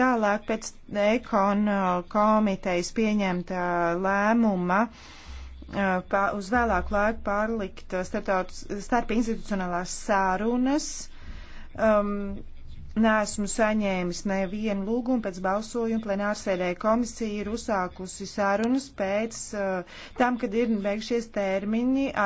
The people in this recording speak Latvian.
Tālāk pēc ekon uh, komitejas pieņemta lēmuma uh, uz vēlāku laiku pārlikt uh, starp institucionālās sārunas. Um, Nesmu saņēmis nevienu lūgumu pēc balsojuma. Plenārsēdē komisija ir uzsākusi sarunas pēc uh, tam, kad ir beigšies termiņi.